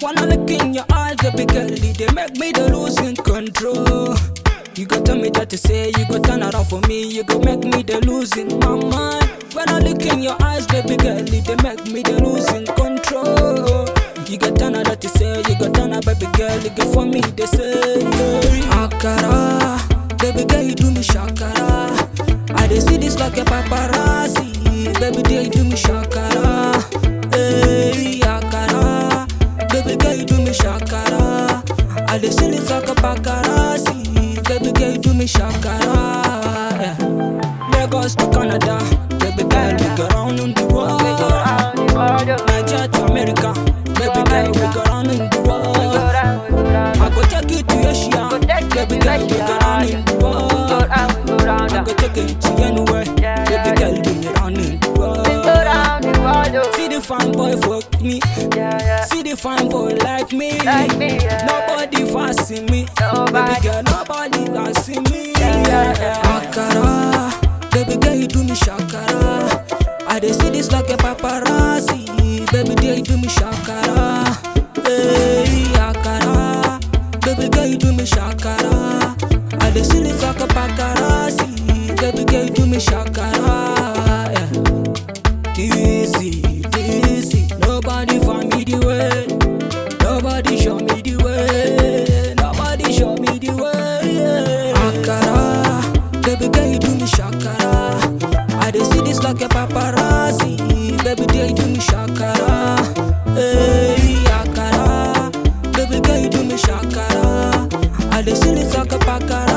One look in your eyes, baby girl, they make me the losing control. You go tell me that to say, you go turn around for me, you go make me the losing my mind. When I look in your eyes, baby girl, they make me the losing control. You go turn around to say, you go turn around, baby girl, you go for me, they say. Yeah. Akara, baby girl, you do me shakara. I dey see this like a paparazzi, baby girl, you do me shakara. Hey, akara, baby girl, you do me shakara. I dey see this like See anywhere, yeah, baby girl, give me round See the fine boy fuck me. Yeah, yeah. See the fine boy like me. Like me yeah. Nobody fancy me. Nobody. Baby girl, nobody fancy me. Yeah, yeah, yeah. Akara, baby girl, you do me shakara. I dey see this like a paparazzi. Baby girl, you do me shakara. Hey, akara, baby girl, you do me shakara. I dey see this like a paparazzi shakara. Yeah. Dizzy, dizzy. Nobody find me the way. Nobody show me the way. Nobody show me the way. Yeah. Akara, baby girl, you do me shakara. I dey see this like a paparazzi. Baby girl, you do me shakara. Hey, akara, baby girl, you do me shakara. I dey see this like a paparazzi.